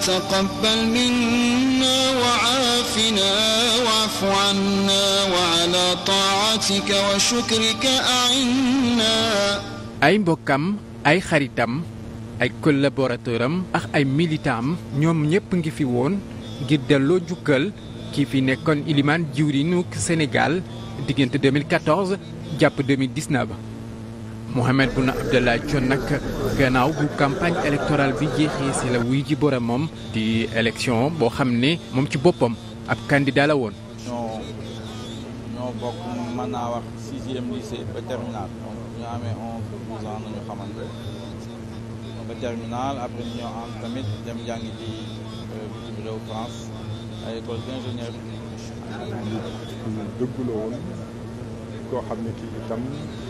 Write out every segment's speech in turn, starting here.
وتقبل منا وعافنا واعف عنا وعلى طاعتك وشكرك أعنا ay mbokkam ay xaritam ay collaborateur am ak ay militant ñoom ñëpp ngi fi woon ngir delloo jukkal kii fi nekkoon ilimaan jiwriñu Sénégal diggante 2014 jàpp 2019 Mohamed Boun Abdallah Dionne nag gannaaw bu campagne électorale bi jeexee si la wuy ji borom moom di élection boo xam ne moom ci boppam ab candidat la woon. ñoo bokk mën naa wax sixième lycée ba terminal après ñu ñoo am tamit dem jàngi ci euh, bitim réew France ay école d'ingénieur dëgg la woon koo xam ne kii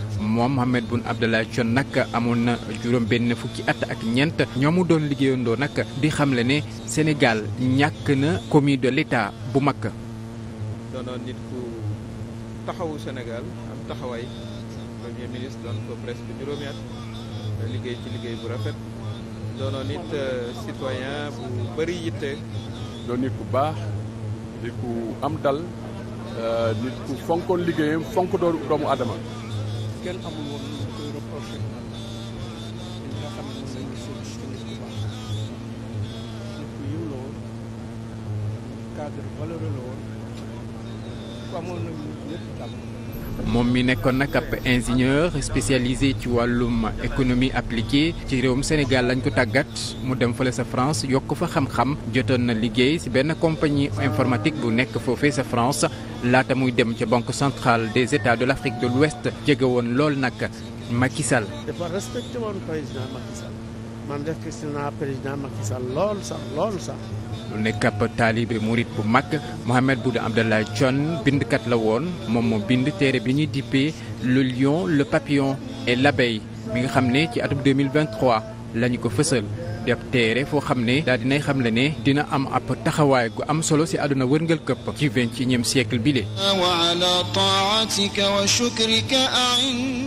moom Mohamed Boun Abdallah Dionne nag amoon na juróom benn fukki at ak ñeent ñoomu doon liggéeyandoo nag di xamle ne Sénégal ñàkk na commis de l'État bu mag. doonoon nit ku taxawu Sénégal am taxawaay premier ministre doon ko presque juróomi at liggéey ci liggéey bu rafet doonoon nit euh, citoyen bu bëri yitte. doon nit ku baax nit ku am dal euh, nit ku fonkoon liggéeyam fonk doomu aadama. kenn amul woon ñu koy reproché ñi nga xam ne seen solution nit ku baax nit ku yiw la woon cadre valeureux woon ku amoon na ñëpp jàmm moom mi nekkoon nag ab ingénieur spécialisé ci wàllum économie appliquée ci réewum Sénégal lañ ko tàggat mu dem fale sa France yokk fa xam-xam jotoon na liggéey ci benn compagnie informatique bu nekk foofee sa France laata muy dem ca banque centrale des états de l'Afrique de l'Ouest jege woon lool nag Macky lool sax lool sax. lu nekk ab taalibe murit bu mag Mohamed Boun Abdallah Dionne bindkat la woon moom moo bind téere bi ñuy dippee le lion le papillon et l'abeille bi nga xam ne ci atum 2023 la ñu ko fësal deb téere foo xam ne daal dinay xam le ne dina am ab taxawaay gu am solo si àdduna wërngal këpp ci vingt-et-unième bi le